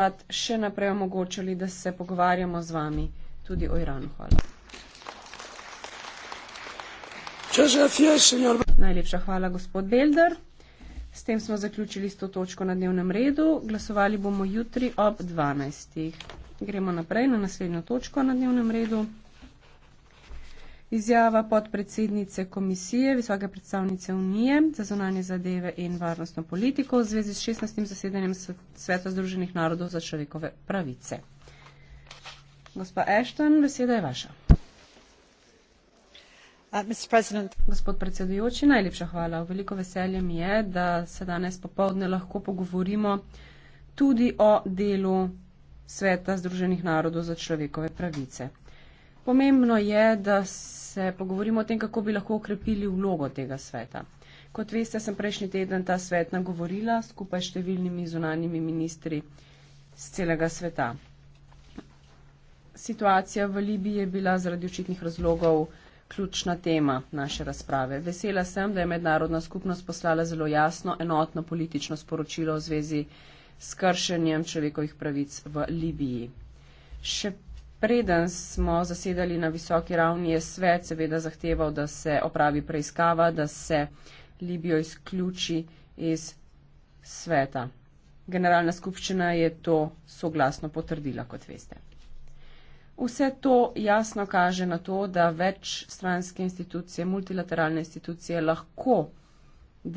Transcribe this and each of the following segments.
rad še naprej omogočali, da se pogovarjamo z vami tudi o Iranu. Hvala. Najlepša hvala, gospod Belder. S tem smo zaključili s to točko na dnevnem redu. Glasovali bomo jutri ob 12. Gremo naprej na naslednjo točko na dnevnem redu. Izjava podpredsednice komisije Visoke predstavnice Unije za zonanje zadeve in varnostno politiko v zvezi s 16. zasedanjem Sveta Združenih narodov za človekove pravice. Gospa Ashton, beseda je vaša. Uh, Gospod predsedujoči, najlepša hvala. V veliko veselje mi je, da se danes popovdne lahko pogovorimo tudi o delu Sveta Združenih narodov za človekove pravice. Pomembno je, da se pogovorimo o tem, kako bi lahko okrepili vlogo tega sveta. Kot veste, sem prejšnji teden ta svet nagovorila skupaj s številnimi zunanjimi ministri z celega sveta. Situacija v Libiji je bila zaradi očitnih razlogov ključna tema naše razprave. Vesela sem, da je mednarodna skupnost poslala zelo jasno, enotno politično sporočilo v zvezi s kršenjem človekovih pravic v Libiji. Še preden smo zasedali na visoki ravni, je svet seveda zahteval, da se opravi preiskava, da se Libijo izključi iz sveta. Generalna skupščina je to soglasno potrdila, kot veste. Vse to jasno kaže na to, da več stranske institucije, multilateralne institucije lahko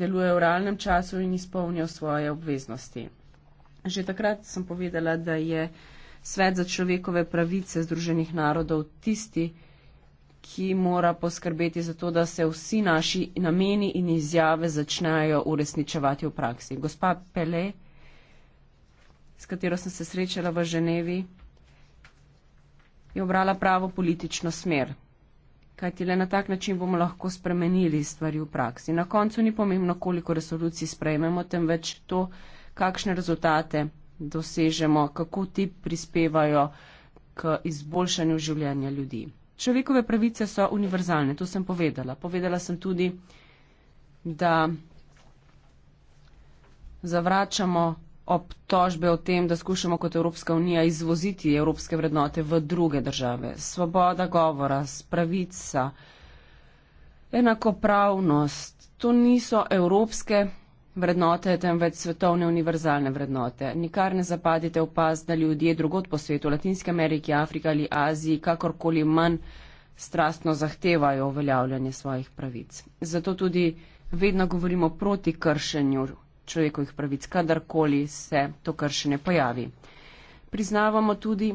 delujejo v realnem času in izpolnijo svoje obveznosti. Že takrat sem povedala, da je uh, svet za človekove pravice Združenih narodov tisti, ki mora poskrbeti za to, da se vsi naši nameni in izjave začnejo uresničevati v praksi. Gospa Pele, s katero sem se srečala v Ženevi, je obrala pravo politično smer. Kajti le na tak način bomo lahko spremenili stvari v praksi. Na koncu ni pomembno, koliko resolucij sprejmemo, temveč to, kakšne rezultate dosežemo, kako ti prispevajo k izboljšanju življenja ljudi. Človekove pravice so univerzalne, to sem povedala. Povedala sem tudi, da zavračamo obtožbe o tem, da skušamo kot Evropska unija izvoziti evropske vrednote v druge države. Svoboda govora, pravica, enakopravnost, to niso evropske vrednote, temveč svetovne univerzalne vrednote. Nikar ne zapadite v pas, da ljudje drugot po svetu, Latinske Amerike, Afrika ali Aziji, kakorkoli manj strastno zahtevajo uveljavljanje svojih pravic. Zato tudi vedno govorimo proti kršenju človekovih pravic, kadarkoli se to kršenje pojavi. Priznavamo tudi,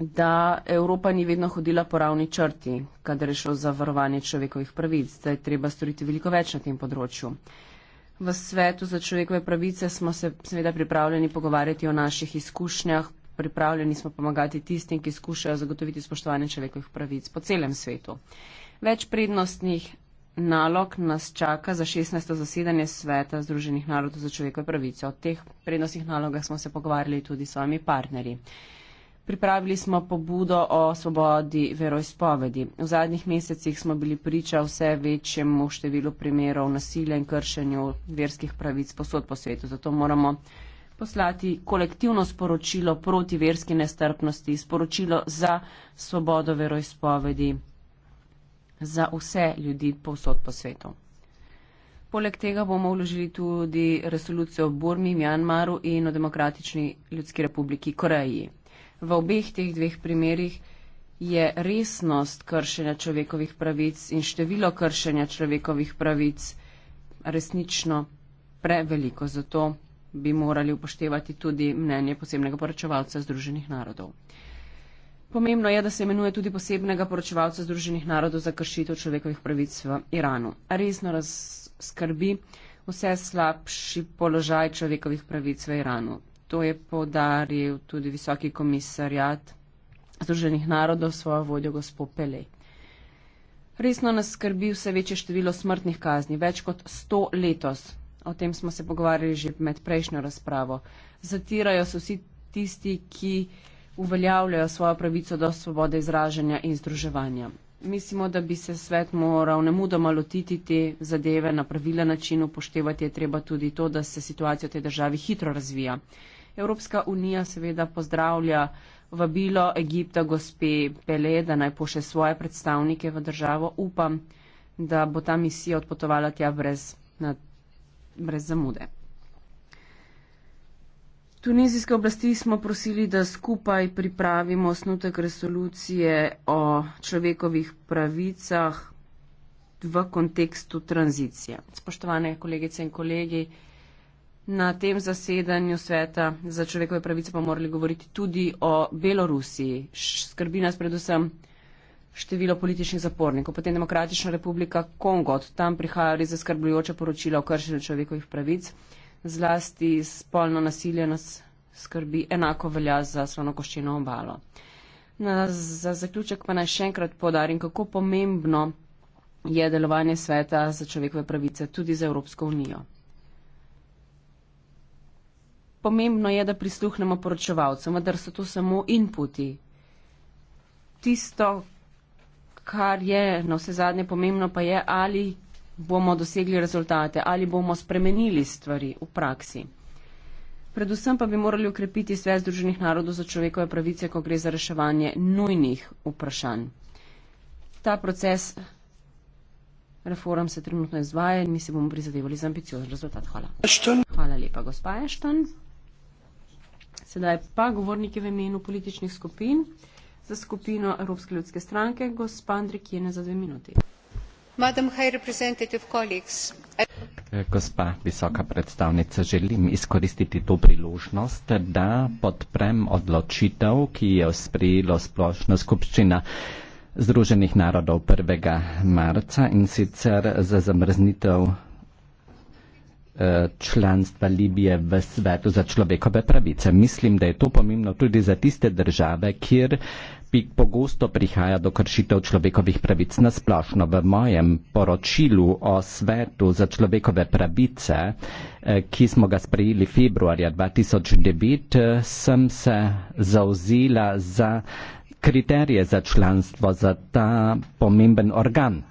da Evropa ni vedno hodila po ravni črti, kadar je šlo za varovanje človekovih pravic, da je treba storiti veliko več na tem področju. V svetu za človekove pravice smo se seveda pripravljeni pogovarjati o naših izkušnjah, pripravljeni smo pomagati tistim, ki skušajo zagotoviti spoštovanje človekovih pravic po celem svetu. Več prednostnih nalog nas čaka za 16. zasedanje sveta Združenih narodov za človekove pravice. O teh prednostnih nalogah smo se pogovarjali tudi s svojimi partnerji. Pripravili smo pobudo o svobodi veroizpovedi. V zadnjih mesecih smo bili priča vse večjemu številu primerov nasilja in kršenju verskih pravic posod po svetu. Zato moramo poslati kolektivno sporočilo proti verski nestrpnosti, sporočilo za svobodo veroizpovedi za vse ljudi povsod po svetu. Poleg tega bomo vložili tudi resolucijo o Burmi, Mjanmaru in o Demokratični ljudski republiki Koreji v obeh teh dveh primerih je resnost kršenja človekovih pravic in število kršenja človekovih pravic resnično preveliko. Zato bi morali upoštevati tudi mnenje posebnega poročevalca Združenih narodov. Pomembno je, da se imenuje tudi posebnega poročevalca Združenih narodov za kršitev človekovih pravic v Iranu. Resno razskrbi vse slabši položaj človekovih pravic v Iranu. To je podaril tudi visoki komisarjat Združenih narodov svojo vodjo gospo Pele. Resno nas skrbi vse večje število smrtnih kazni, več kot sto letos. O tem smo se pogovarjali že med prejšnjo razpravo. Zatirajo se vsi tisti, ki uveljavljajo svojo pravico do svobode izražanja in združevanja. Mislimo, da bi se svet moral nemudoma lotiti te zadeve na pravila način, upoštevati je treba tudi to, da se situacija v tej državi hitro razvija. Evropska unija seveda pozdravlja vabilo Egipta gospe Pele, da naj poše svoje predstavnike v državo. Upam, da bo ta misija odpotovala tja brez, na, brez zamude. Tunizijske oblasti smo prosili, da skupaj pripravimo osnutek resolucije o človekovih pravicah v kontekstu tranzicije. Spoštovane kolegice in kolegi, na tem zasedanju sveta za človekove pravice pa morali govoriti tudi o Belorusiji. Skrbi nas predvsem število političnih zapornikov. Potem Demokratična republika Kongo, tam prihajajo res zaskrbljujoče poročila o kršenju človekovih pravic. Zlasti spolno nasilje nas skrbi, enako velja za slonokoščino obalo. Na, za zaključek pa naj še enkrat podarim, kako pomembno je delovanje sveta za človekove pravice tudi za Evropsko unijo pomembno je, da prisluhnemo poročevalcem, vendar so to samo inputi. Tisto, kar je na vse zadnje pomembno, pa je, ali bomo dosegli rezultate, ali bomo spremenili stvari v praksi. Predvsem pa bi morali ukrepiti Svet Združenih narodov za človekove pravice, ko gre za reševanje nujnih vprašanj. Ta proces reform se trenutno izvaja in mi se bomo prizadevali za ambiciozen rezultat. Hvala. Hvala lepa, gospa Ešton. Sedaj pa govorniki v imenu političnih skupin za skupino Evropske ljudske stranke, gospa Andri Kjene za dve minuti. Eh, gospa visoka predstavnica, želim izkoristiti to priložnost, da podprem odločitev, ki je sprejelo splošna skupščina Združenih narodov 1. marca in sicer za zamrznitev Eh, članstva Libije v svetu za človekove pravice. Mislim, da je to pomembno tudi za tiste države, kjer pogosto prihaja do kršitev človekovih pravic. Nasplošno v mojem poročilu o svetu za človekove pravice, eh, ki smo ga sprejeli februarja 2009, eh, sem se zauzela za kriterije za članstvo za ta pomemben organ.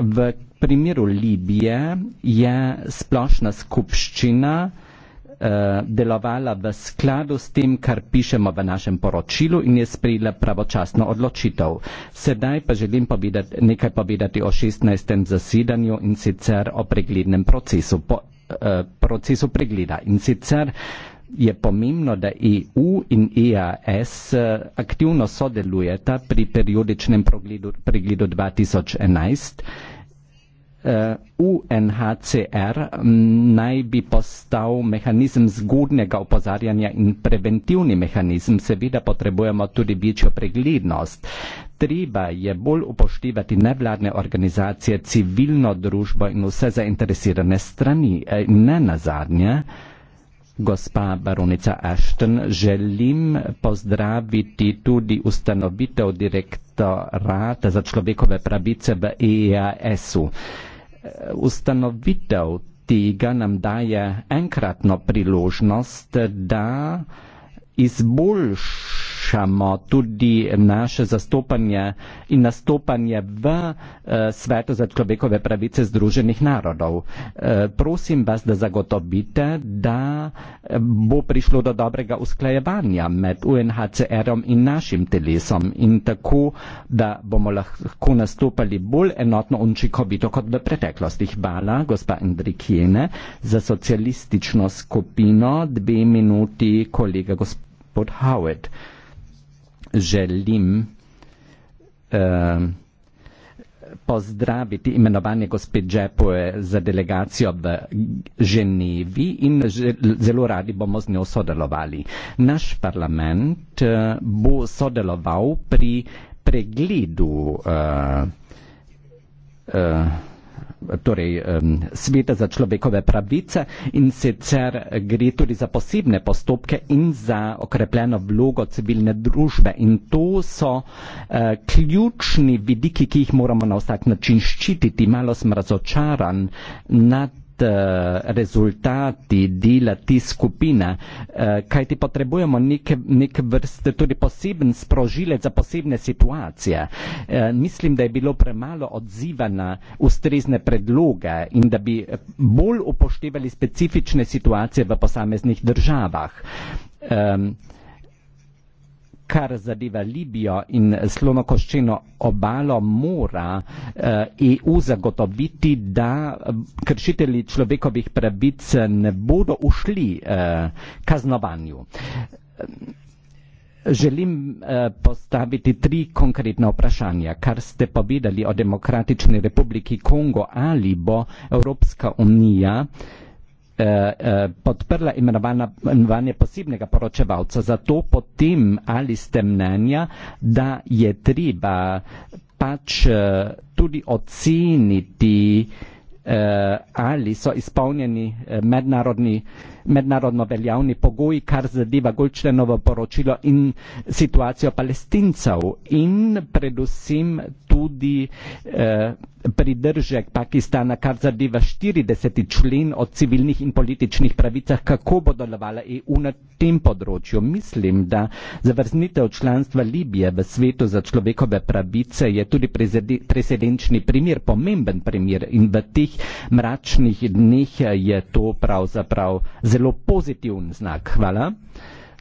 V primeru Libije je splošna skupščina eh, delovala v skladu s tem, kar pišemo v našem poročilu in je sprejela pravočasno odločitev. Sedaj pa želim povedati, nekaj povedati o 16. zasedanju in sicer o preglednem procesu, po, eh, procesu pregleda. In sicer je pomembno, da EU in EAS eh, aktivno sodelujeta pri periodičnem pregledu, pregledu 2011 Eh, UNHCR mm, naj bi postal mehanizem zgodnega upozarjanja in preventivni mehanizem. Seveda potrebujemo tudi večjo preglednost. Treba je bolj upoštevati nevladne organizacije, civilno družbo in vse zainteresirane strani. Eh, ne nazadnje, gospa baronica Ashton, želim pozdraviti tudi ustanovitev direktorata za človekove pravice v EASU ustanovitev tega nam daje enkratno priložnost, da izboljš poskušamo tudi naše zastopanje in nastopanje v eh, svetu za človekove pravice Združenih narodov. Eh, prosim vas, da zagotovite, da eh, bo prišlo do dobrega usklajevanja med UNHCR-om in našim telesom in tako, da bomo lahko nastopali bolj enotno in učinkovito kot v preteklosti. Hvala, gospa Andrikjene, za socialistično skupino. Dve minuti, kolega gospod Howard želim eh, pozdraviti imenovanje gospe Džepoje za delegacijo v Ženevi in zelo radi bomo z njo sodelovali. Naš parlament eh, bo sodeloval pri pregledu uh, uh, torej Sveta za človekove pravice in sicer gre tudi za posebne postopke in za okrepljeno vlogo civilne družbe in to so eh, ključni vidiki, ki jih moramo na vsak način ščititi. Malo sem razočaran nad Eh, rezultati dela te skupine, eh, kaj ti potrebujemo neke, neke vrste, tudi poseben sprožilec za posebne situacije. Eh, mislim, da je bilo premalo odziva na ustrezne predloge in da bi bolj upoštevali specifične situacije v posameznih državah kar zadeva Libijo in slonokoščeno obalo, mora EU eh, e zagotoviti, da eh, kršitelji človekovih pravic ne bodo ušli eh, kaznovanju. Želim postaviti tri konkretna vprašanja. Kar ste povedali o Demokratični republiki Kongo ali bo Evropska unija Eh, eh, podprla imenovanje, imenovanje posebnega poročevalca. Zato potem ali ste mnenja, da je treba pač eh, tudi oceniti, ali so izpolnjeni mednarodni mednarodno veljavni pogoji, kar zadeva Gulčlenovo poročilo in situacijo palestincev in predvsem tudi eh, pridržek Pakistana, kar zadeva 40. člen o civilnih in političnih pravicah, kako bo delovala EU na tem področju. Mislim, da zavrznitev članstva Libije v svetu za človekove pravice je tudi presedenčni primer, pomemben primer in v teh mračnih dneh je to pravzaprav zelo pozitiven znak. Hvala.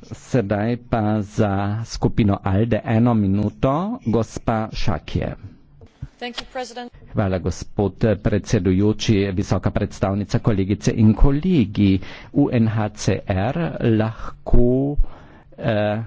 Sedaj pa za skupino Alde eno minuto, gospa Šakje. Hvala, gospod predsedujoči, visoka predstavnica, kolegice in kolegi. UNHCR lahko eh,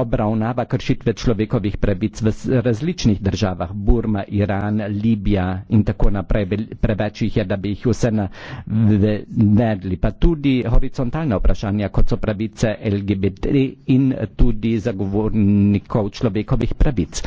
obravnava kršitve človekovih pravic v različnih državah, Burma, Iran, Libija in tako naprej, preveč jih je, da bi jih vse navedli. Pa tudi horizontalne vprašanja, kot so pravice LGBT in tudi zagovornikov človekovih pravic.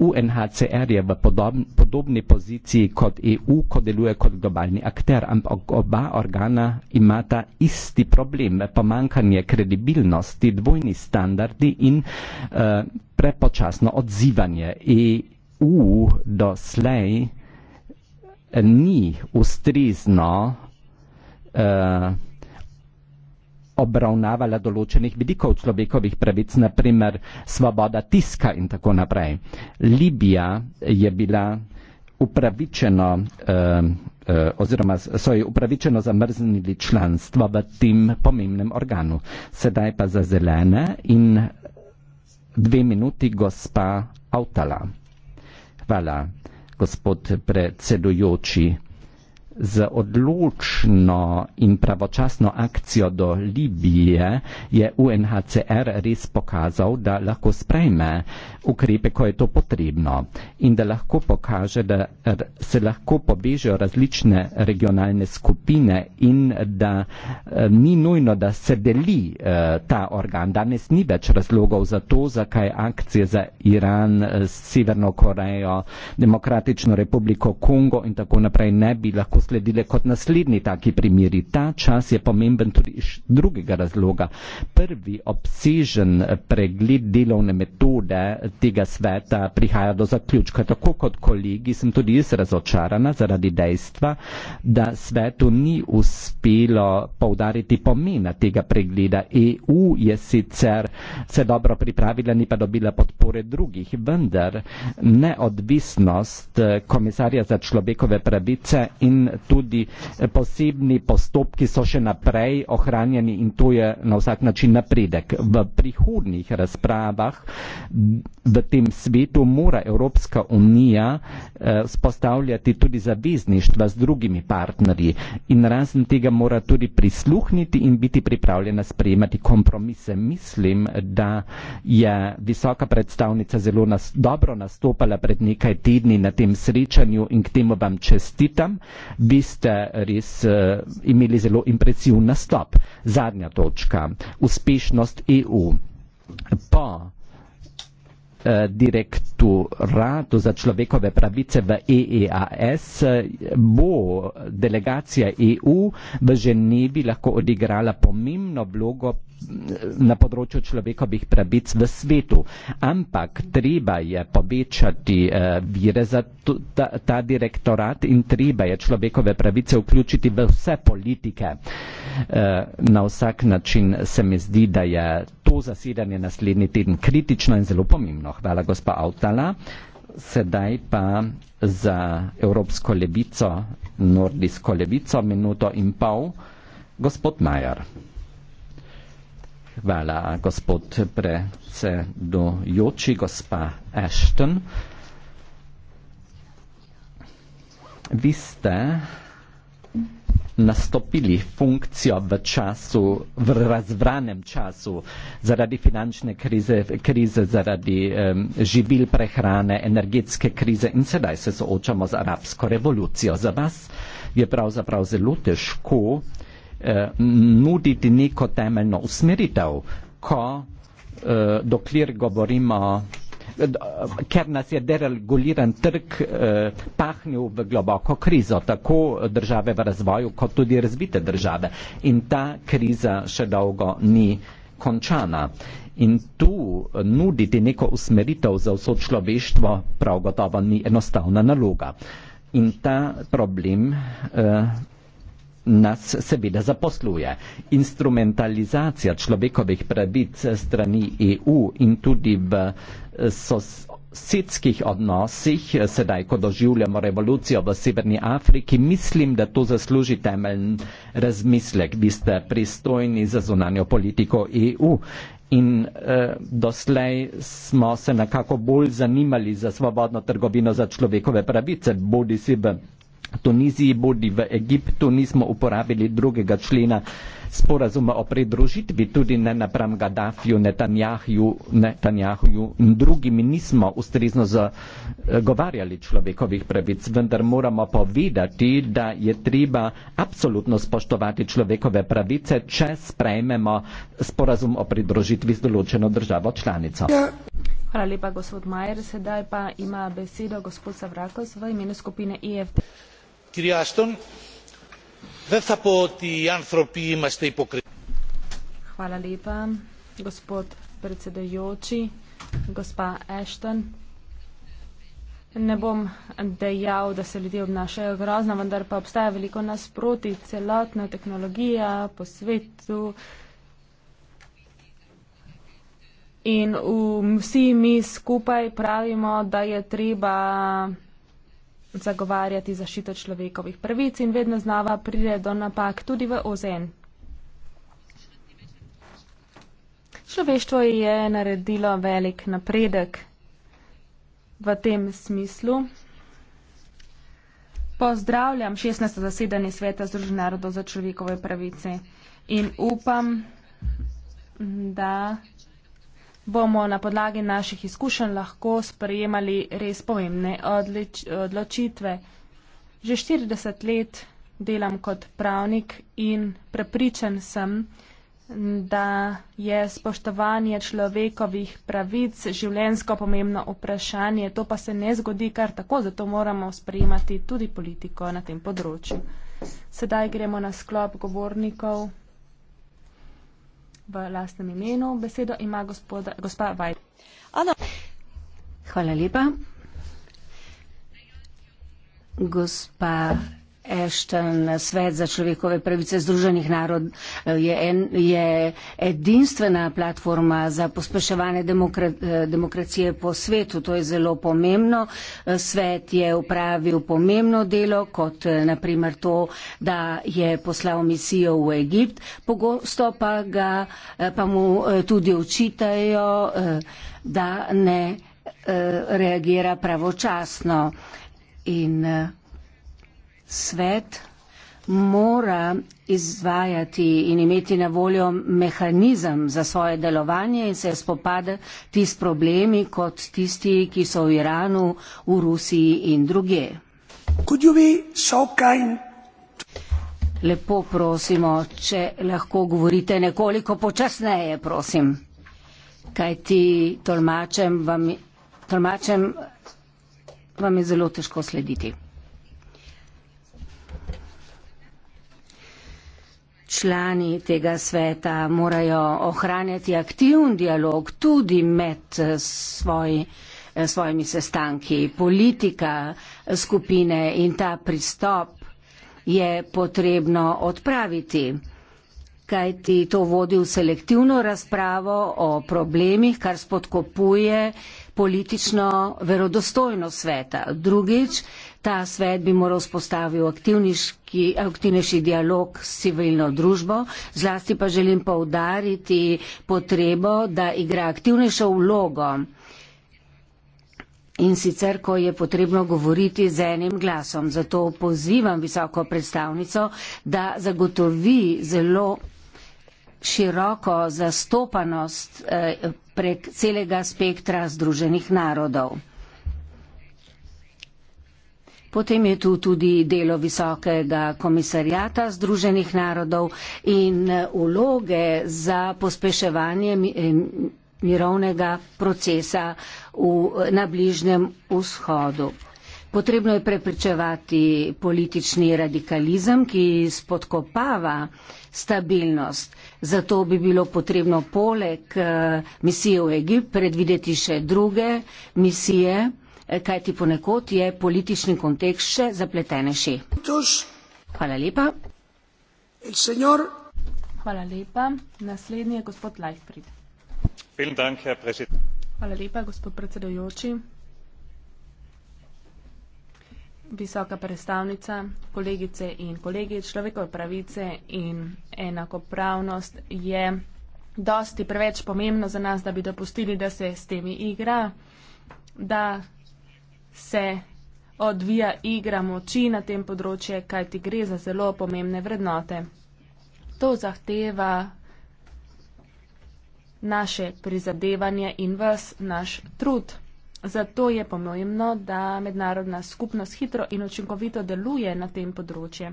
UNHCR je v podobn, podobni poziciji kot EU, ko deluje kot globalni akter, ampak oba organa imata isti problem, pomankanje kredibilnosti, dvojni standardi in eh, prepočasno odzivanje. EU doslej eh, ni ustrezno eh, obravnavala določenih vidikov človekovih pravic, naprimer svoboda tiska in tako naprej. Libija je bila upravičeno eh, eh, oziroma so jo upravičeno zamrznili članstvo v tem pomembnem organu. Sedaj pa za zelene in dve minuti gospa Avtala. Hvala, gospod predsedujoči z odločno in pravočasno akcijo do Libije je UNHCR res pokazal, da lahko sprejme ukrepe, ko je to potrebno in da lahko pokaže, da se lahko povežejo različne regionalne skupine in da eh, ni nujno, da se deli eh, ta organ. Danes ni več razlogov za to, zakaj akcije za Iran, eh, Severno Korejo, Demokratično republiko Kongo in tako naprej ne bi lahko sprejeli sledile kot naslednji taki primeri. Ta čas je pomemben tudi iz drugega razloga. Prvi obsežen pregled delovne metode tega sveta prihaja do zaključka. Tako kot kolegi sem tudi jaz razočarana zaradi dejstva, da svetu ni uspelo povdariti pomena tega pregleda. EU je sicer se dobro pripravila, ni pa dobila podpore drugih, vendar neodvisnost eh, komisarja za človekove pravice in tudi eh, posebni postopki so še naprej ohranjeni in to je na vsak način napredek. V prihodnjih razpravah v tem svetu mora Evropska unija eh, spostavljati tudi zavezništva z drugimi partnerji in razen tega mora tudi prisluhniti in biti pripravljena sprejemati kompromise. Mislim, da je visoka predstavnica zelo nas, dobro nastopala pred nekaj tedni na tem srečanju in k temu vam čestitam bi ste res uh, imeli zelo impresivn nastop. Zadnja točka. Uspešnost EU. Po eh, direktoratu za človekove pravice v EEAS eh, bo delegacija EU v Ženevi lahko odigrala pomembno vlogo na področju človekovih pravic v svetu. Ampak treba je povečati uh, vire za to, ta, ta direktorat in treba je človekove pravice vključiti v vse politike. Uh, na vsak način se mi zdi, da je to zasedanje naslednji teden kritično in zelo pomembno. Hvala, gospa Avtala. Sedaj pa za Evropsko levico, Nordijsko levico, minuto in pol, gospod Majer. Hvala, gospod predsedujoči, gospa Ashton. Vi ste nastopili funkcijo v času, v razvranem času zaradi finančne krize, krize zaradi um, živil, prehrane, energetske krize in sedaj se soočamo z arabsko revolucijo. Za vas je pravzaprav zelo težko uh, Eh, nuditi neko temeljno usmeritev, ko, eh, dokler govorimo, eh, ker nas je dereguliran trg pahnil v globoko krizo, tako države v razvoju, kot tudi razvite države. In ta kriza še dolgo ni končana. In tu nuditi neko usmeritev za vso človeštvo prav gotovo ni enostavna naloga. In ta problem eh, nas seveda zaposluje. Instrumentalizacija človekovih pravic strani EU in tudi v eh, sos sedskih odnosih, eh, sedaj, ko doživljamo revolucijo v Severni Afriki, mislim, da to zasluži temeljn razmislek. Vi ste pristojni za zunanjo politiko EU in eh, doslej smo se nekako bolj zanimali za svobodno trgovino za človekove pravice, bodi si v Tuniziji, bodi v Egiptu, nismo uporabili drugega člena sporazuma o pridružitvi, tudi ne napram Gaddafiju, Netanjahuju in drugim nismo ustrezno zagovarjali človekovih pravic, vendar moramo povedati, da je treba absolutno spoštovati človekove pravice, če sprejmemo sporazum o pridružitvi z določeno državo članico. Hvala lepa, gospod Majer. Sedaj pa ima besedo gospod Savrakos v imenu skupine EFT κυρία Άστον, δεν θα πω ότι οι άνθρωποι είμαστε υποκριτές. Hvala lepa, gospod predsedajoči, gospa Ashton. Ne bom dejal, da se ljudje obnašajo grozno, vendar pa obstaja veliko nasproti, celotna tehnologija po svetu in vsi mi skupaj pravimo, da je treba zagovarjati zašito človekovih pravic in vedno znava pride do napak tudi v OZN. Človeštvo je naredilo velik napredek v tem smislu. Pozdravljam 16. zasedanje Sveta Združenih narodov za človekove pravice in upam, da bomo na podlagi naših izkušenj lahko sprejemali res pomembne odlič, odločitve. Že 40 let delam kot pravnik in prepričan sem, da je spoštovanje človekovih pravic življensko pomembno vprašanje. To pa se ne zgodi kar tako, zato moramo sprejemati tudi politiko na tem področju. Sedaj gremo na sklop govornikov v lastnem imenu. Besedo ima gospoda, gospa Vajd. Hvala lepa. Gospa Ashton, Svet za človekove pravice Združenih narodov eh, je, je edinstvena platforma za pospeševanje demokra eh, demokracije po svetu. To je zelo pomembno. Eh, svet je upravil pomembno delo, kot naprimer to, da je poslal misijo v Egipt. Pogosto pa, ga, pa mu tudi očitajo, da ne reagira pravočasno. In, svet mora izvajati in imeti na voljo mehanizem za svoje delovanje in se spopadati s problemi kot tisti, ki so v Iranu, v Rusiji in druge. Lepo prosimo, če lahko govorite nekoliko počasneje, prosim. Kaj ti tolmačem vam, tolmačem vam je zelo težko slediti. člani tega sveta morajo ohranjati aktivn dialog tudi med eh, svoj, eh, svojimi sestanki. Politika eh, skupine in ta pristop je potrebno odpraviti kajti to vodi v selektivno razpravo o problemih, kar spodkopuje eh, politično verodostojno sveta. Drugič, ta svet bi moral spostaviti aktivniški, aktivnejši dialog s civilno družbo, zlasti pa želim povdariti potrebo, da igra aktivnejšo vlogo in sicer, ko je potrebno govoriti z enim glasom. Zato pozivam visoko predstavnico, da zagotovi zelo široko zastopanost. Eh, prek celega spektra Združenih narodov. Potem je tu tudi delo Visokega komisarjata Združenih narodov in uloge eh, za pospeševanje eh, mirovnega procesa v, eh, na Bližnjem vzhodu. Potrebno je prepričevati politični radikalizem, ki spodkopava eh, stabilnost. Zato bi bilo potrebno poleg eh, misije v Egipt predvideti še druge misije, eh, kajti ponekod je politični kontekst še zapletenejši. Hvala lepa. Hvala lepa. Naslednji je gospod Lajfrid. Hvala lepa, gospod predsedujoči visoka predstavnica, kolegice in kolegi, človekove pravice in enakopravnost je dosti preveč pomembno za nas, da bi dopustili, da se s temi igra, da se odvija igra moči na tem področju, kaj ti gre za zelo pomembne vrednote. To zahteva naše prizadevanje in vas naš trud. Zato je pomembno, da mednarodna skupnost hitro in učinkovito deluje na tem področju.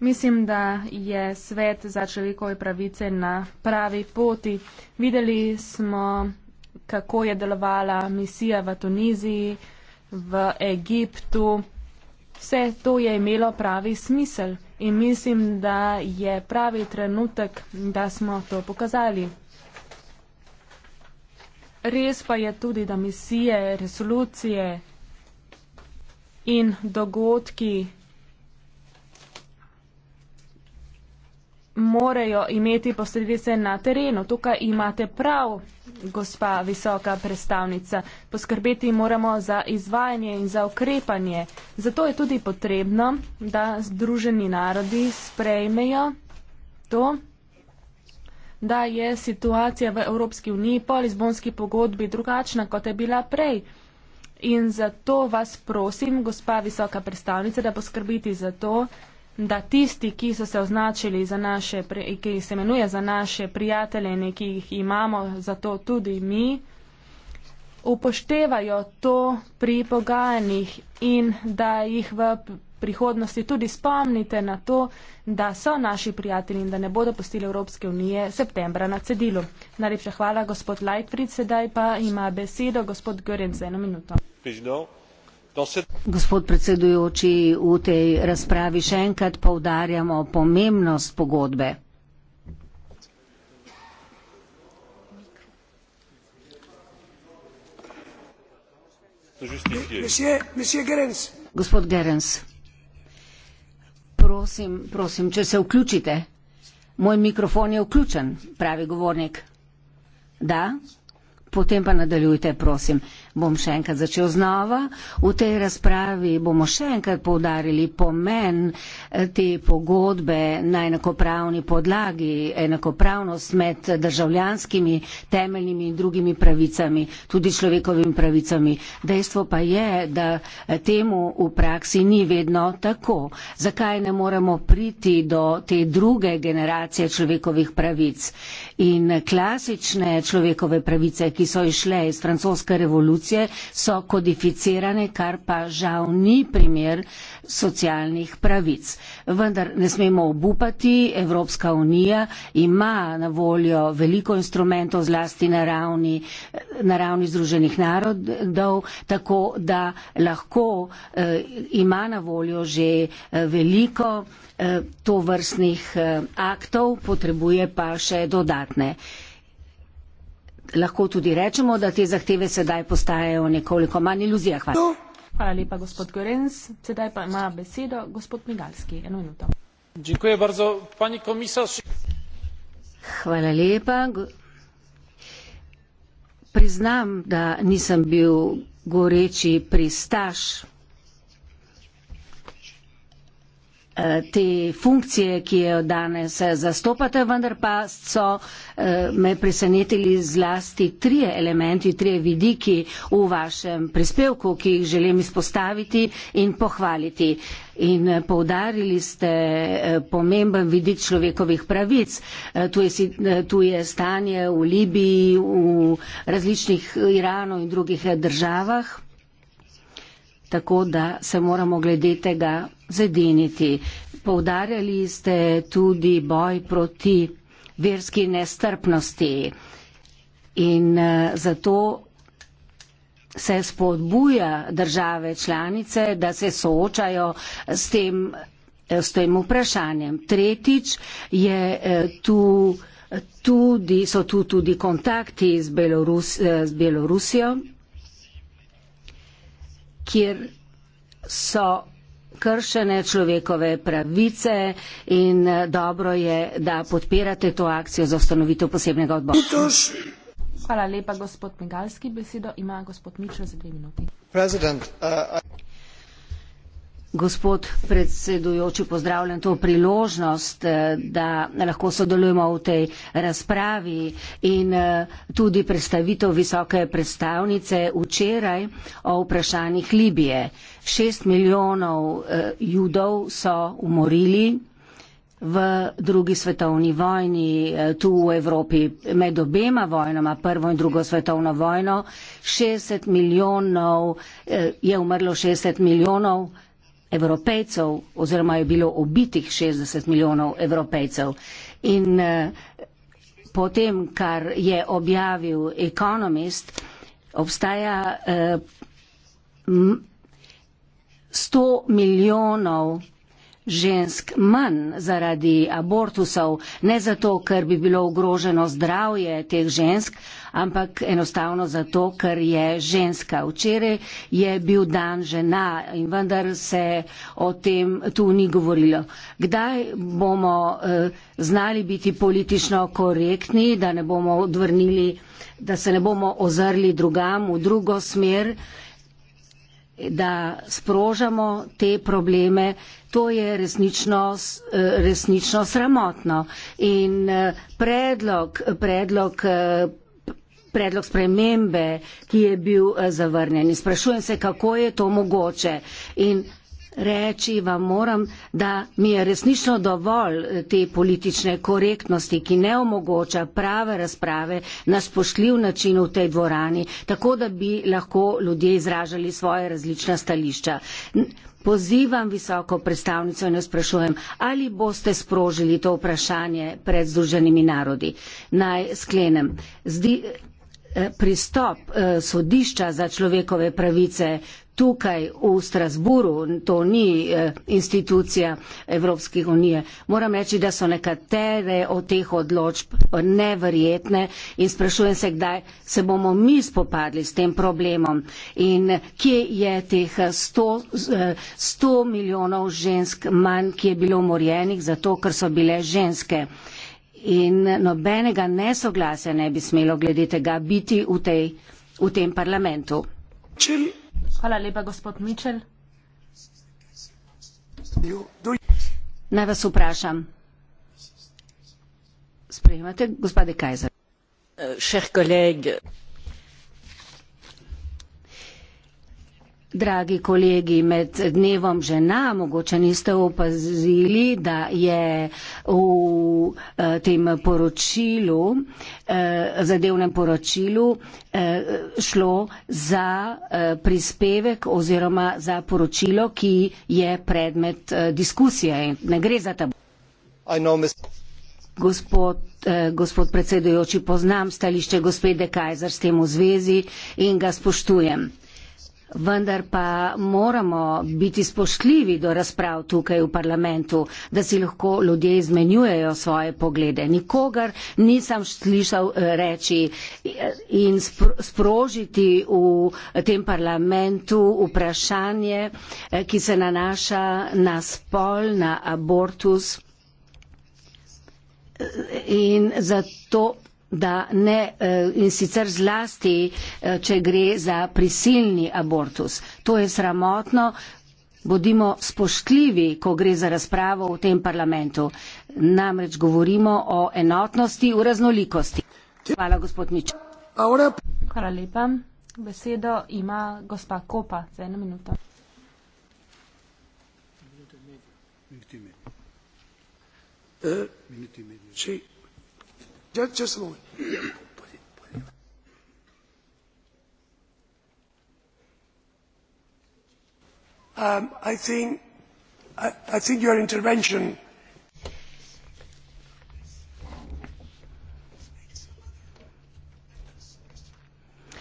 Mislim, da je svet za človekove pravice na pravi poti. Videli smo, kako je delovala misija v Tuniziji, v Egiptu. Vse to je imelo pravi smisel in mislim, da je pravi trenutek, da smo to pokazali. Res pa je tudi, da misije, resolucije in dogodki morajo imeti posledice na terenu. Tukaj imate prav, gospa visoka predstavnica. Poskrbeti moramo za izvajanje in za ukrepanje. Zato je tudi potrebno, da združeni narodi sprejmejo to da je situacija v Evropski uniji po Lizbonski pogodbi drugačna, kot je bila prej. In zato vas prosim, gospa visoka predstavnica, da poskrbite za to, da tisti, ki so se označili za naše, ki se imenuje za naše prijatelje in ki jih imamo, zato tudi mi, upoštevajo to pri pogajanjih in da jih v prihodnosti tudi spomnite na to, da so naši prijatelji in da ne bodo postili Evropske unije septembra na cedilu. Najlepša hvala, gospod Lajtfrid, sedaj pa ima besedo gospod Görenc za eno minuto. Gospod predsedujoči, v tej razpravi še enkrat povdarjamo pomembnost pogodbe. Monsieur, monsieur Gerens. Gospod Gerens. Prosim, prosim, če se vključite. Moj mikrofon je vključen, pravi govornik. Da? Potem pa nadaljujte, prosim bom še enkrat začel znova. V tej razpravi bomo še enkrat povdarili pomen eh, te pogodbe na enakopravni podlagi, enakopravnost med državljanskimi, temeljnimi in drugimi pravicami, tudi človekovimi pravicami. Dejstvo pa je, da eh, temu v praksi ni vedno tako. Zakaj ne moremo priti do te druge generacije človekovih pravic? In eh, klasične človekove pravice, ki so išle iz francoske revolucije, institucije so kodificirane, kar pa žal ni primer socialnih pravic. Vendar ne smemo obupati, Evropska unija ima na voljo veliko instrumentov zlasti na ravni, na ravni Združenih narodov, tako da lahko eh, ima na voljo že eh, veliko eh, tovrstnih eh, aktov, potrebuje pa še dodatne lahko tudi rečemo, da te zahteve sedaj postajajo nekoliko manj iluzija. Hvala. No. Hvala lepa, gospod Gorenc. Sedaj pa ima besedo gospod Migalski. Eno minuto. Bardzo, pani komisarz. Hvala lepa. Priznam, da nisem bil goreči pristaš Eh, te funkcije, ki jo danes eh, zastopate, vendar pa so eh, me presenetili zlasti trije elementi, trije vidiki v vašem prispevku, ki jih želim izpostaviti in pohvaliti. In poudarili ste pomemben vidik človekovih pravic. Tu je, tu je stanje v Libiji, v različnih Iranu in drugih državah. Tako da se moramo glede tega zadeniti. Poudarjali ste tudi boj proti verski nestrpnosti in eh, zato se spodbuja države članice, da se soočajo s tem, eh, s tem vprašanjem. Tretjič je eh, tu. Tudi, so tu tudi kontakti z, Belorus, z Belorusijo, kjer so kršene človekove pravice in eh, dobro je, da podpirate to akcijo za ustanovitev posebnega odbora. Hvala lepa, gospod Megalski. Besedo ima gospod Mičo za dve minuti. Gospod predsedujoči, pozdravljam to priložnost, eh, da lahko sodelujemo v tej razpravi in eh, tudi predstavitev visoke predstavnice včeraj o vprašanjih Libije. Šest milijonov eh, judov so umorili v drugi svetovni vojni tu v Evropi med obema vojnama, prvo in drugo svetovno vojno. 60 milijonov je umrlo 60 milijonov evropejcev oziroma je bilo obitih 60 milijonov evropejcev. In eh, po tem, kar je objavil Economist, obstaja 100 eh, milijonov žensk manj zaradi abortusov, ne zato, ker bi bilo ogroženo zdravje teh žensk, ampak enostavno zato, ker je ženska. Včeraj je bil dan žena in vendar se o tem tu ni govorilo. Kdaj bomo eh, znali biti politično korektni, da, ne bomo odvrnili, da se ne bomo ozrli drugam v drugo smer? da sprožamo te probleme, to je resnično, resnično sramotno. In eh, predlog, predlog, eh, predlog spremembe, ki je bil eh, zavrnjen, sprašujem se, kako je to mogoče. In reči vam moram, da mi je resnično dovolj eh, te politične korektnosti, ki ne omogoča prave razprave na spoštljiv način v tej dvorani, tako da bi lahko ljudje izražali svoje različna stališča. Pozivam visoko predstavnico in jo sprašujem, ali boste sprožili to vprašanje pred Združenimi narodi. Naj sklenem. Zdi, eh, pristop eh, sodišča za človekove pravice tukaj v Strasburu, to ni eh, institucija Evropske unije. Moram reči, da so nekatere od teh odločb neverjetne in sprašujem se, kdaj se bomo mi spopadli s tem problemom in kje je teh 100, 100 eh, milijonov žensk manj, ki je bilo morjenih zato, ker so bile ženske. In nobenega nesoglasja ne bi smelo glede tega biti v, tej, v tem parlamentu. Čil. Hvala lepa, gospod Mičel. Naj vas vprašam. Sprejemate, gospod Kajzer? Uh, Dragi kolegi, med dnevom žena, mogoče niste opazili, da je v eh, tem poročilu, eh, zadevnem poročilu, eh, šlo za prispevek oziroma za poročilo, ki je predmet diskusije. Ne gre za ta. Gospod, eh, gospod predsedujoči, poznam stališče gospede Kajzer s tem v zvezi in ga spoštujem. Vendar pa moramo biti spoštljivi do razprav tukaj v parlamentu, da si lahko ljudje izmenjujejo svoje poglede. Nikogar nisem slišal eh, reči in sprožiti v tem parlamentu vprašanje, eh, ki se nanaša na spol, na abortus. Eh, in zato da ne eh, in sicer zlasti, eh, če gre za prisilni abortus. To je sramotno. Bodimo spoštljivi, ko gre za razpravo v tem parlamentu. Namreč govorimo o enotnosti v raznolikosti. Hvala, gospod Mič. Hvala lepa. Besedo ima gospa Kopa za eno minuto. Minuto in medijo. Eh, minuto in medijo. Minuto in medijo. Just, just a moment. Um, I think I, I think your intervention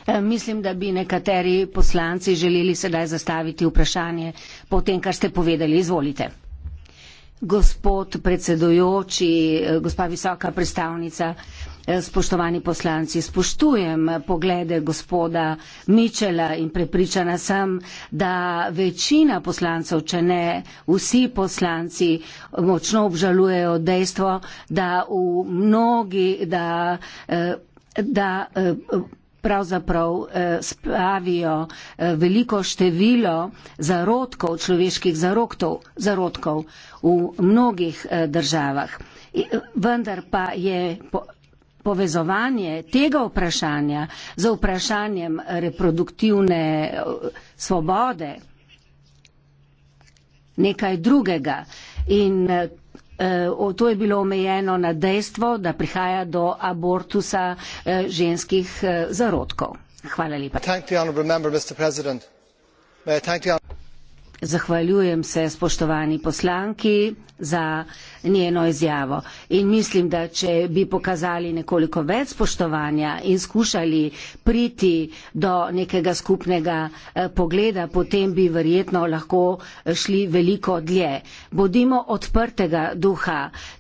eh, Mislim, da bi nekateri poslanci želeli sedaj zastaviti vprašanje po tem, kar ste povedali. Izvolite. Gospod predsedujoči, gospa visoka predstavnica, spoštovani poslanci, spoštujem poglede gospoda Mičela in prepričana sem, da večina poslancev, če ne vsi poslanci, močno obžalujejo dejstvo, da v mnogi, da. Eh, da eh, pravzaprav eh, spravijo eh, veliko število zarodkov, človeških zaroktov, zarodkov v mnogih eh, državah. I, eh, vendar pa je po, povezovanje tega vprašanja z vprašanjem reproduktivne eh, svobode nekaj drugega. In eh, Eh, to je bilo omejeno na dejstvo, da prihaja do abortusa eh, ženskih eh, zarodkov. Hvala lepa. Zahvaljujem se spoštovani poslanki za njeno izjavo. In mislim, da če bi pokazali nekoliko več spoštovanja in skušali priti do nekega skupnega eh, pogleda, potem bi verjetno lahko šli veliko dlje. Bodimo odprtega duha.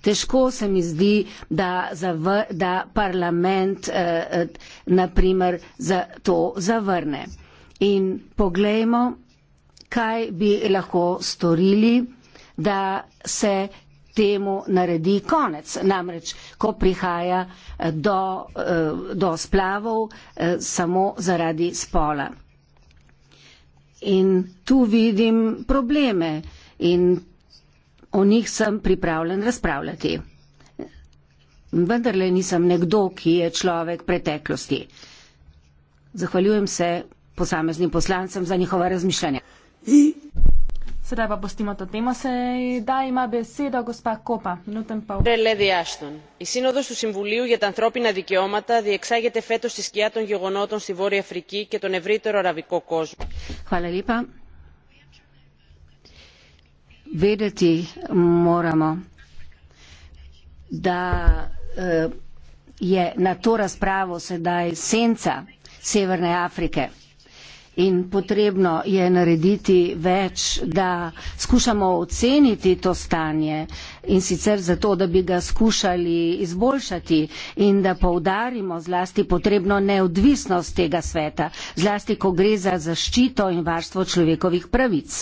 Težko se mi zdi, da, zav, da parlament eh, eh naprimer za to zavrne. In poglejmo, kaj bi lahko storili, da se temu naredi konec. Namreč, ko prihaja eh, do, eh, do splavov eh, samo zaradi spola. In tu vidim probleme in o njih sem pripravljen razpravljati. Vendarle nisem nekdo, ki je človek preteklosti. Zahvaljujem se posameznim poslancem za njihova razmišljanja. Sedaj pa postimo to temo, sedaj ima besedo gospa Kopa. Λέδη Άστον, η Σύνοδος του Συμβουλίου για τα Ανθρώπινα Δικαιώματα διεξάγεται φέτος στη σκιά των γεγονότων στη Βόρεια Αφρική και τον ευρύτερο αραβικό κόσμο. Χαλαλίπα. Βέδετε μόραμο να είναι να το ρασπράβο σε δάει σένσα Σεβερνέ Αφρικέ in potrebno je narediti več, da skušamo oceniti to stanje in sicer zato, da bi ga skušali izboljšati in da poudarimo zlasti potrebno neodvisnost tega sveta, zlasti ko gre za zaščito in varstvo človekovih pravic.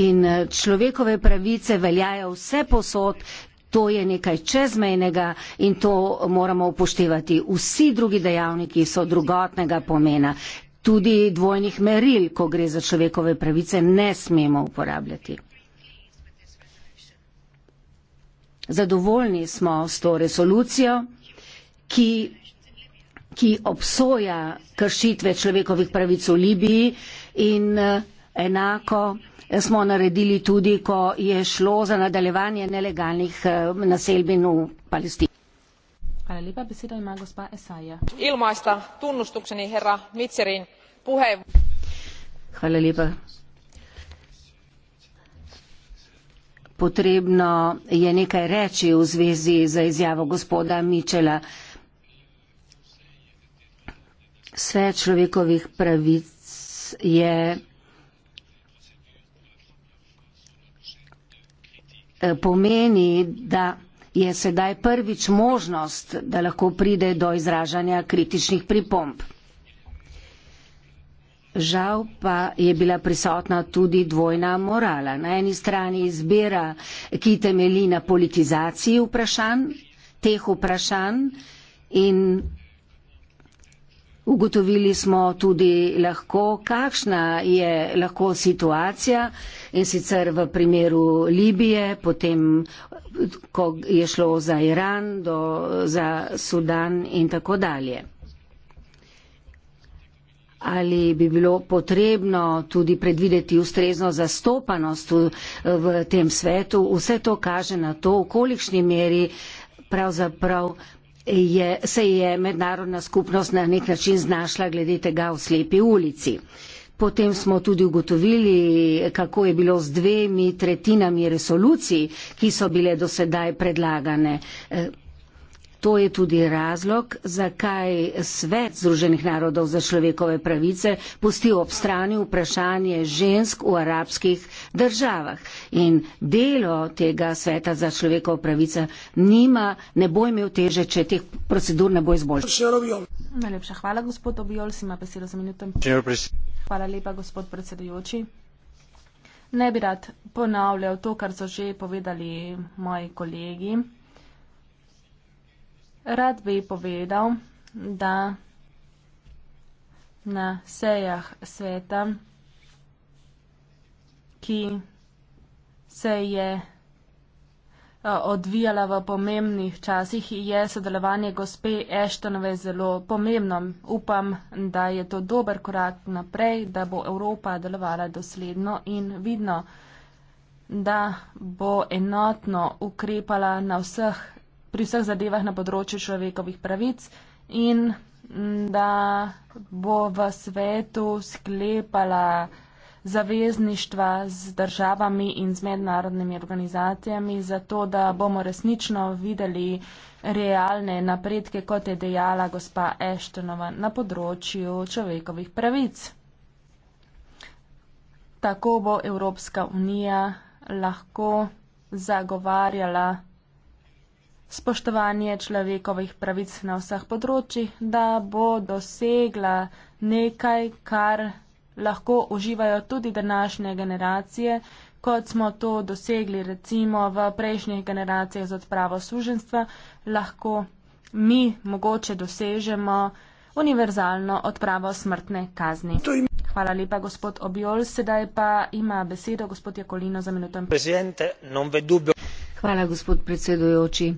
In eh, človekove pravice veljajo vse posod, to je nekaj čezmejnega in to moramo upoštevati. Vsi drugi dejavniki so drugotnega pomena Tudi dvojnih meril, ko gre za človekove pravice, ne smemo uporabljati. Zadovoljni smo s to resolucijo, ki, ki obsoja kršitve človekovih pravic v Libiji in eh, enako eh, smo naredili tudi, ko je šlo za nadaljevanje nelegalnih eh, naselbin v Palestini. Hvala lepa. Beseda ima gospa Esaja. Ilmaista tunnustukseni herra Mitzerin Hvala lepa. Potrebno je nekaj reči v zvezi za izjavo gospoda Mičela. Sve človekovih pravic je eh, pomeni, da je sedaj prvič možnost, da lahko pride do izražanja kritičnih pripomb. Žal pa je bila prisotna tudi dvojna morala. Na eni strani izbira, ki temeli na politizaciji vprašanj, teh vprašanj in Ugotovili smo tudi lahko, kakšna je lahko situacija in sicer v primeru Libije, potem, ko je šlo za Iran, do, za Sudan in tako dalje. Ali bi bilo potrebno tudi predvideti ustrezno zastopanost v, v tem svetu, vse to kaže na to, v kolikšni meri pravzaprav je, se je mednarodna skupnost na nek način znašla glede tega v slepi ulici. Potem smo tudi ugotovili, kako je bilo z dvemi tretjinami resolucij, ki so bile dosedaj predlagane. Eh, to je tudi razlog, zakaj svet Združenih narodov za človekove pravice pusti ob strani vprašanje žensk v arabskih državah. In delo tega sveta za človekove pravice nima, ne bo imel teže, če teh procedur ne bo izboljšal. Najlepša hvala, gospod Obijol, si ima besedo za minuto. Hvala lepa, gospod predsedujoči. Ne bi rad ponavljal to, kar so že povedali moji kolegi. Rad bi povedal, da na sejah sveta, ki se je eh, odvijala v pomembnih časih, je sodelovanje gospe Eštonove zelo pomembno. Upam, da je to dober korak naprej, da bo Evropa delovala dosledno in vidno, da bo enotno ukrepala na vseh pri vseh zadevah na področju človekovih pravic in mm, da bo v svetu sklepala zavezništva z državami in z mednarodnimi organizacijami, zato da bomo resnično videli realne napredke, kot je dejala gospa Eštonova na področju človekovih pravic. Tako bo Evropska unija lahko zagovarjala spoštovanje človekovih pravic na vseh področjih, da bo dosegla nekaj, kar lahko uživajo tudi današnje generacije, kot smo to dosegli recimo v prejšnjih generacijah z odpravo suženstva, lahko mi mogoče dosežemo univerzalno odpravo smrtne kazni. Hvala lepa, gospod Obiol. Sedaj pa ima besedo gospod Jakolino za minuto. Hvala, gospod predsedujoči.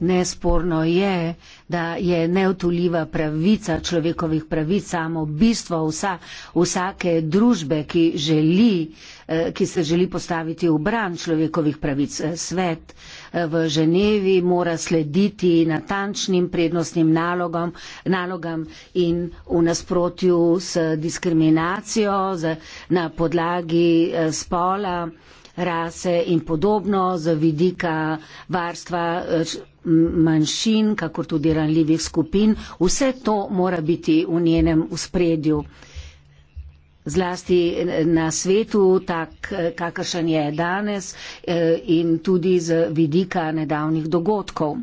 Nesporno je, da je neotuljiva pravica človekovih pravic samo bistvo vsa, vsake družbe, ki, želi, eh, ki se želi postaviti v bran človekovih pravic. Svet eh, v Ženevi mora slediti natančnim prednostnim nalogom, nalogam in v nasprotju s diskriminacijo z, na podlagi eh, spola rase in podobno, z vidika varstva eh, manjšin, kakor tudi ranljivih skupin. Vse to mora biti v njenem uspredju. Zlasti na svetu, tak, eh, kakršen je danes eh, in tudi z vidika nedavnih dogodkov.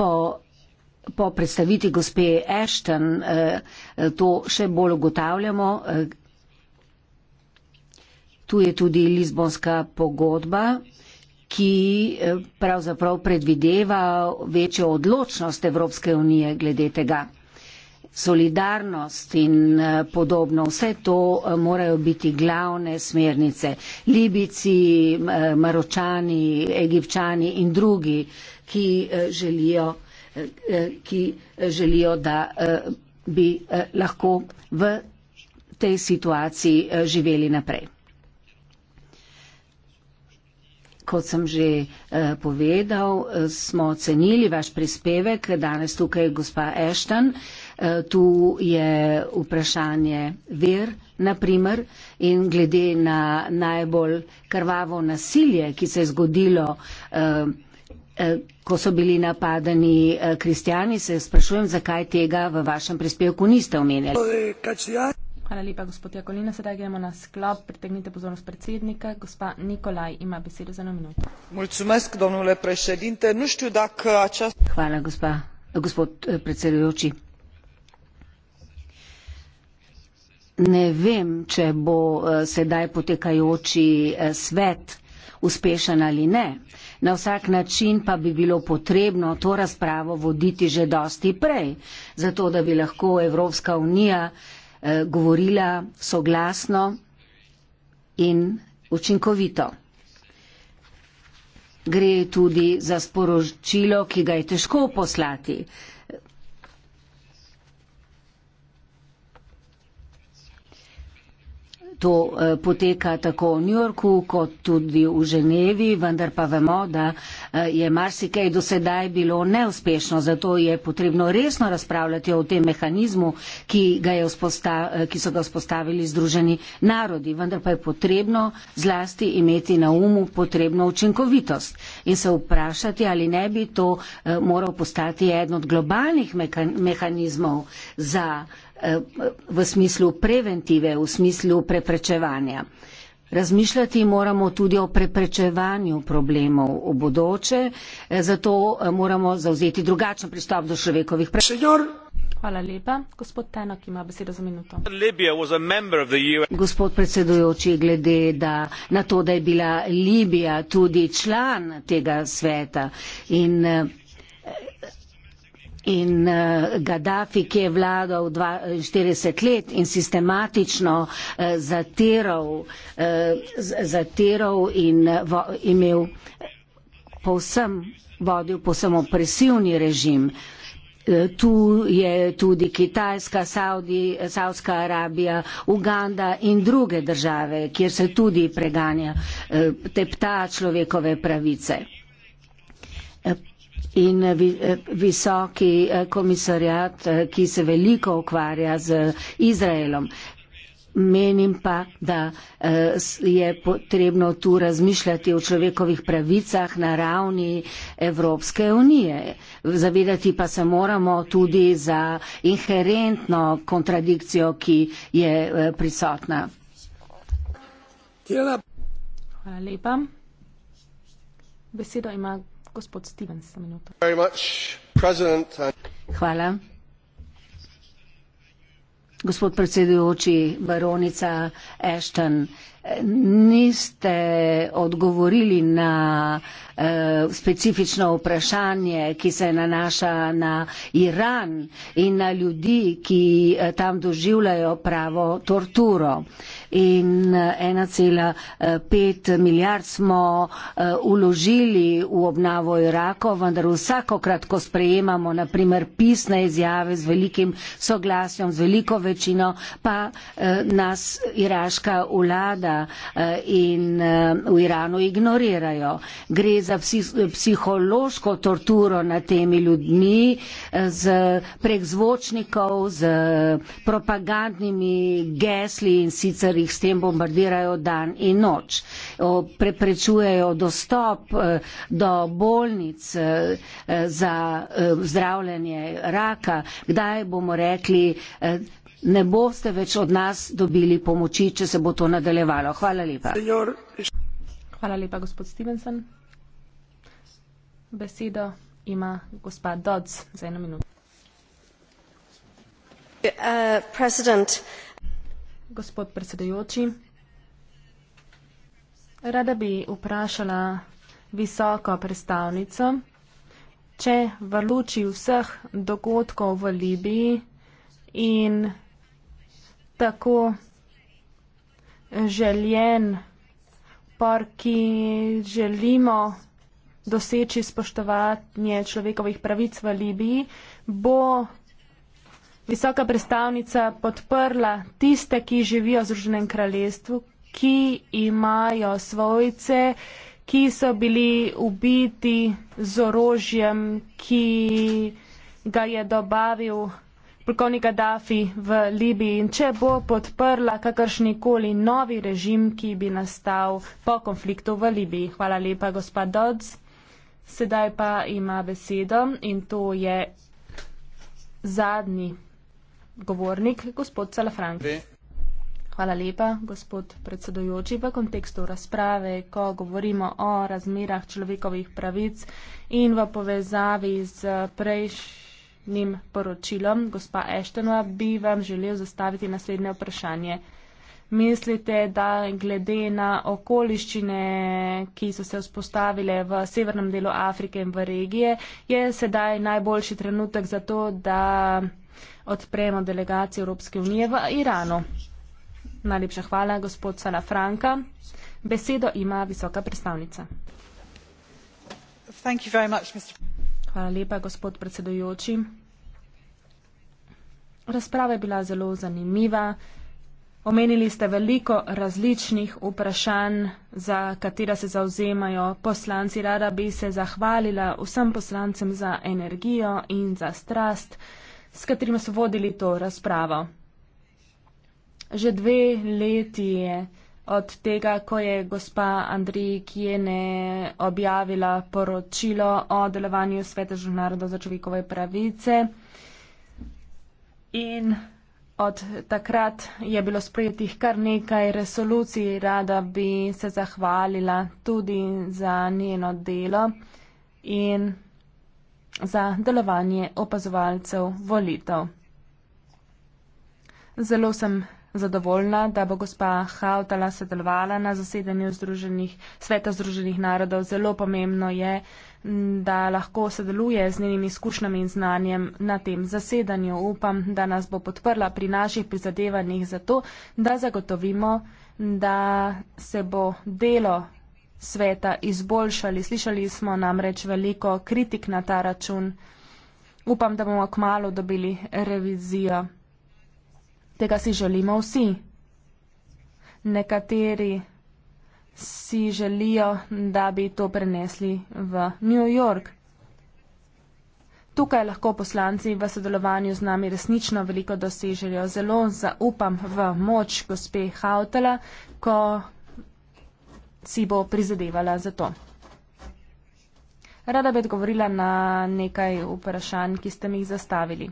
Po, po predstaviti gospe Ashton to še bolj ugotavljamo, Tu je tudi Lizbonska pogodba, ki eh, pravzaprav predvideva večjo odločnost Evropske unije glede tega. Solidarnost in eh, podobno, vse to eh, morajo biti glavne smernice. Libici, Maročani, Egipčani in drugi, ki želijo, ki želijo, da bi lahko v tej situaciji živeli naprej. kot sem že eh, povedal, eh, smo ocenili vaš prispevek. Danes tukaj je gospa Ešten. Eh, tu je vprašanje ver, naprimer, in glede na najbolj krvavo nasilje, ki se je zgodilo, eh, ko so bili napadani kristijani, se sprašujem, zakaj tega v vašem prispevku niste omenjali. Hvala lepa, gospod Jakolina. Sedaj gremo na sklop. Pritegnite pozornost predsednika. Gospa Nikolaj ima besedo za eno minuto. Mulcumesk, domnule prešedinte. Nuščil, da čas. Hvala, gospa, gospod eh, predsedujoči. Ne vem, če bo eh, sedaj potekajoči eh, svet uspešen ali ne. Na vsak način pa bi bilo potrebno to razpravo voditi že dosti prej, zato da bi lahko Evropska unija Eh, govorila soglasno in učinkovito. Gre tudi za sporočilo, ki ga je težko poslati, to eh, poteka tako v New Yorku kot tudi v Ženevi, vendar pa vemo, da eh, je marsikaj dosedaj bilo neuspešno. Zato je potrebno resno razpravljati o tem mehanizmu, ki, eh, ki so ga vzpostavili združeni narodi. Vendar pa je potrebno zlasti imeti na umu potrebno učinkovitost in se vprašati, ali ne bi to moral postati eden od globalnih mehanizmov za v smislu preventive, v smislu preprečevanja. Razmišljati moramo tudi o preprečevanju problemov v bodoče, eh, zato eh, moramo zauzeti drugačen pristop do človekovih pravic. Hvala lepa. Gospod Tenak ima besedo za minuto. Gospod predsedujoči, glede da, na to, da je bila Libija tudi član tega sveta in eh, in uh, Gaddafi, ki je vladal 42 let in sistematično uh, zatiral, uh, zatiral in uh, vo, imel povsem vodil povsem opresivni režim. Tu je tudi Kitajska, Saudi, Saudska Arabija, Uganda in druge države, kjer se tudi preganja, tepta človekove pravice. In eh, vi, eh, visoki eh, komisarjat, ki se veliko ukvarja z Izraelom. Menim pa, da je potrebno tu razmišljati o človekovih pravicah na ravni Evropske unije. Zavedati pa se moramo tudi za inherentno kontradikcijo, ki je prisotna. Hvala lepa. Besedo ima gospod Stevens za minuto. Hvala. Gospod predsedujoči, baronica Ashton, niste odgovorili na eh, specifično vprašanje, ki se nanaša na Iran in na ljudi, ki eh, tam doživljajo pravo torturo. In 1,5 eh, eh, milijard smo eh, uložili v obnavo Irako, vendar vsakokrat, ko sprejemamo naprimer pisne izjave z velikim soglasjem, z veliko večino, pa nas iraška vlada Eh, in eh, v Iranu ignorirajo. Gre za psihološko torturo nad temi ljudmi eh, z prek zvočnikov, z propagandnimi gesli in sicer jih s tem bombardirajo dan in noč. Preprečujejo dostop do bolnic za zdravljenje raka. Kdaj bomo rekli, ne boste več od nas dobili pomoči, če se bo to nadaljevalo. Hvala lepa. Hvala lepa, gospod Stevenson. Besedo ima gospa Dodds za eno minuto. Uh, gospod predsedujoči, rada bi vprašala visoko predstavnico, če v luči vseh dogodkov v Libiji in tako željen par, ki želimo doseči spoštovanje človekovih pravic v Libiji, bo visoka predstavnica podprla tiste, ki živijo v Združenem kraljestvu, ki imajo svojce, ki so bili ubiti z orožjem, ki ga je dobavil polkovnik Gaddafi v Libiji in če bo podprla kakršnikoli novi režim, ki bi nastal po konfliktu v Libiji. Hvala lepa, gospa Dodds. Sedaj pa ima besedo in to je zadnji govornik, gospod Salafrank. Hvala lepa, gospod predsedojoči. V kontekstu razprave, ko govorimo o razmerah človekovih pravic in v povezavi z prejšnjim njenim poročilom. Gospa Eštenova, bi vam želel zastaviti naslednje vprašanje. Mislite, da glede na okoliščine, ki so se vzpostavile v severnem delu Afrike in v regije, je sedaj najboljši trenutek za to, da odpremo delegacijo Evropske unije v Iranu? Najlepša hvala, gospod Sala Franka. Besedo ima visoka predstavnica. Hvala lepa, gospod predsedujoči. Razprava je bila zelo zanimiva. Omenili ste veliko različnih vprašanj, za katera se zauzemajo poslanci. Rada bi se zahvalila vsem poslancem za energijo in za strast, s katerima so vodili to razpravo. Že dve leti je od tega, ko je gospa Andrija Kijene objavila poročilo o delovanju Sveta žurnarodov za človekove pravice in od takrat je bilo sprejetih kar nekaj resolucij. Rada bi se zahvalila tudi za njeno delo in za delovanje opazovalcev volitev. Zelo sem zadovoljna, da bo gospa Hautala sodelovala na zasedanju Združenih, sveta Združenih narodov. Zelo pomembno je, da lahko sodeluje z njenimi izkušnjami in znanjem na tem zasedanju. Upam, da nas bo podprla pri naših prizadevanjih za to, da zagotovimo, da se bo delo sveta izboljšali. Slišali smo namreč veliko kritik na ta račun. Upam, da bomo kmalo dobili revizijo. Tega si želimo vsi. Nekateri si želijo, da bi to prenesli v New York. Tukaj lahko poslanci v sodelovanju z nami resnično veliko dosežejo. Zelo zaupam v moč gospe Hautela, ko si bo prizadevala za to. Rada bi odgovorila na nekaj vprašanj, ki ste mi jih zastavili.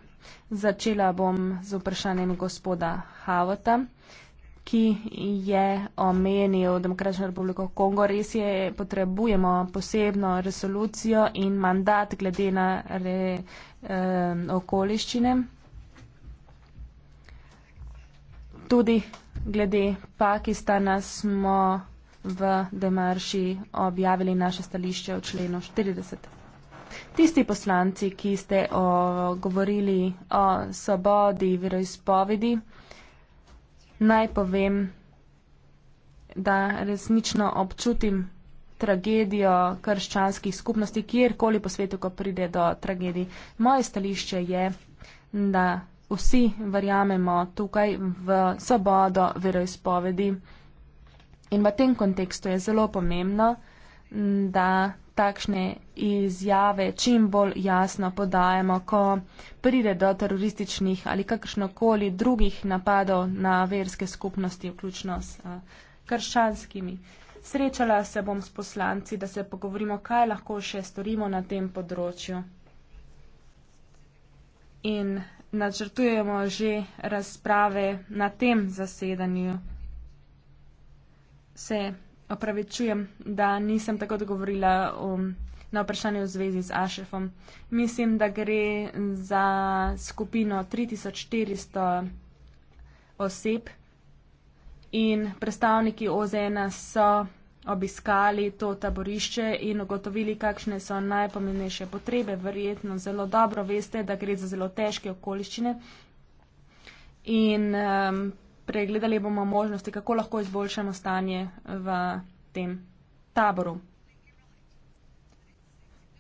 Začela bom z vprašanjem gospoda Havota. Uh, ki je omenil Demokratično republiko Kongo. Res je, potrebujemo posebno resolucijo in mandat glede na re, um, okoliščine. Tudi glede Pakistana smo v Demarši objavili naše stališče v členu 40. Tisti poslanci, ki ste o, govorili o svobodi veroizpovedi, naj povem, da resnično občutim tragedijo krščanskih skupnosti, kjerkoli po svetu, ko pride do tragedij. Moje stališče je, da vsi verjamemo tukaj v svobodo veroizpovedi. In v tem kontekstu je zelo pomembno, da takšne izjave čim bolj jasno podajamo, ko pride do terorističnih ali kakršnokoli drugih napadov na verske skupnosti, vključno s krščanskimi. Srečala se bom s poslanci, da se pogovorimo, kaj lahko še storimo na tem področju. In načrtujemo že razprave na tem zasedanju. Se opravičujem, da nisem tako odgovorila. Um, na vprašanje v zvezi z Ašefom. Mislim, da gre za skupino 3400 oseb in predstavniki OZN so obiskali to taborišče in ugotovili, kakšne so najpomembnejše potrebe. Verjetno zelo dobro veste, da gre za zelo težke okoliščine. In um, pregledali bomo možnosti, kako lahko izboljšamo stanje v tem taboru.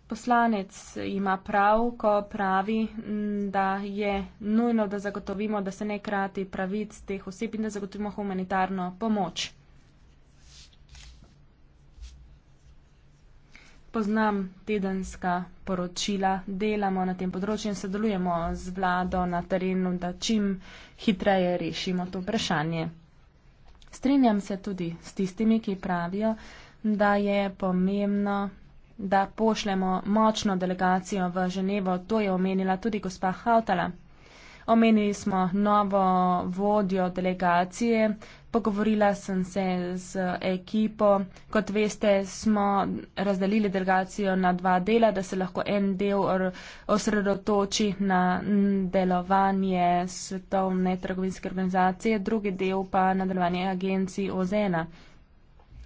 Poslanec ima prav, ko pravi, mm, da je nujno, da zagotovimo, da se ne krati pravic teh oseb in da zagotovimo humanitarno pomoč. Poznam tedenska poročila, delamo na tem področju in sodelujemo z vlado na terenu, da čim hitreje rešimo to vprašanje. Strinjam se tudi s tistimi, ki pravijo, da je pomembno da pošljemo močno delegacijo v Ženevo, to je omenila tudi gospa Hautala. Omenili smo novo vodjo delegacije, pogovorila sem se z ekipo. Kot veste, smo razdelili delegacijo na dva dela, da se lahko en del osredotoči na delovanje Svetovne trgovinske organizacije, drugi del pa na delovanje agencij OZN-a.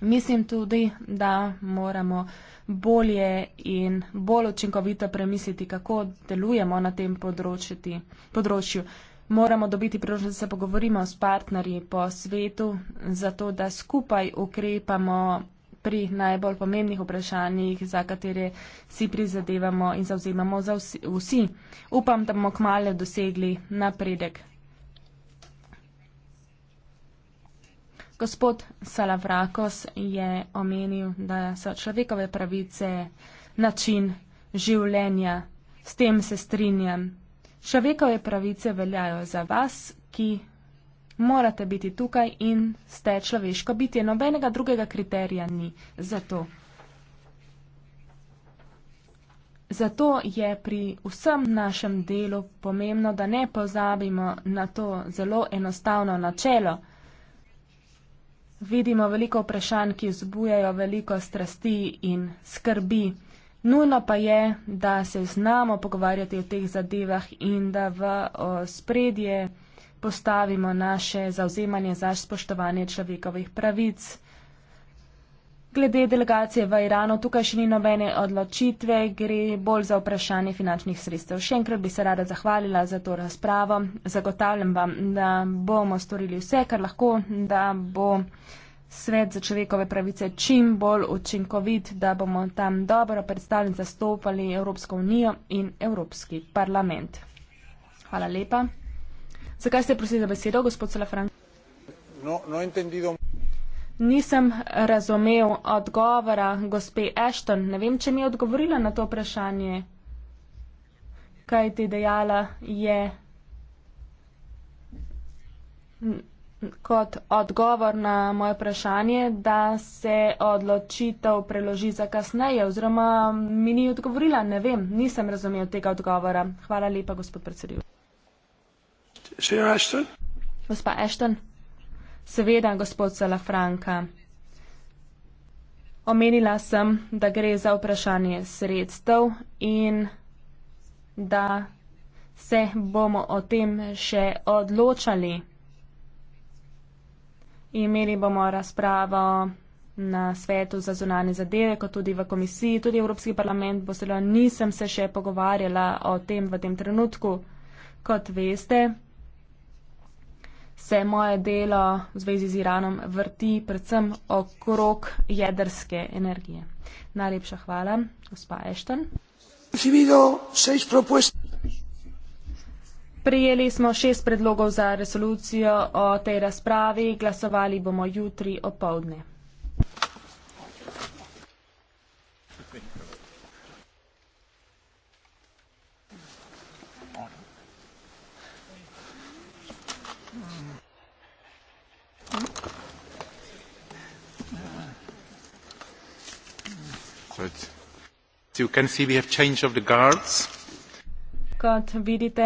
Mislim tudi, da moramo bolje in bolj učinkovito premisliti, kako delujemo na tem področju. Moramo dobiti priložnost, da se pogovorimo s partnerji po svetu, zato da skupaj ukrepamo pri najbolj pomembnih vprašanjih, za katere si prizadevamo in zauzemamo za vsi. Upam, da bomo kmalo dosegli napredek Gospod Salavrakos je omenil, da so človekove pravice način življenja. S tem se strinjam. Človekove pravice veljajo za vas, ki morate biti tukaj in ste človeško bitje. Nobenega drugega kriterija ni za to. Zato je pri vsem našem delu pomembno, da ne pozabimo na to zelo enostavno načelo vidimo veliko vprašanj, ki zbujajo veliko strasti in skrbi. Nujno pa je, da se znamo pogovarjati o teh zadevah in da v spredje postavimo naše zauzemanje za spoštovanje človekovih pravic. Glede delegacije v Iranu, tukaj še ni nobene odločitve, gre bolj za vprašanje finančnih sredstev. Še enkrat bi se rada zahvalila za to razpravo. Zagotavljam vam, da bomo storili vse, kar lahko, da bo svet za človekove pravice čim bolj učinkovit, da bomo tam dobro predstavljeni zastopali Evropsko unijo in Evropski parlament. Hvala lepa. Zakaj ste prosili za besedo, gospod Salafran? No, no nisem razumel odgovora gospe Ashton. Ne vem, če mi je odgovorila na to vprašanje. Kaj ti dejala je kot odgovor na moje vprašanje, da se odločitev preloži za kasneje oziroma mi ni odgovorila. Ne vem, nisem razumel tega odgovora. Hvala lepa, gospod predsedujoči. Gospa Ashton. Gospa Ashton. Seveda, gospod Salafranka. Omenila sem, da gre za vprašanje sredstev in da se bomo o tem še odločali. Imeli bomo razpravo na svetu za zunanje zadeve, kot tudi v komisiji, tudi Evropski parlament bo sedaj nisem se še pogovarjala o tem v tem trenutku. Kot veste, se moje delo v zvezi z Iranom vrti predvsem okrog jedrske energije. Najlepša hvala, gospa Ešten. Prijeli smo šest predlogov za resolucijo o tej razpravi, glasovali bomo jutri opovdne. gospod predsednik kot vidite imamo novo vrsto vodstva.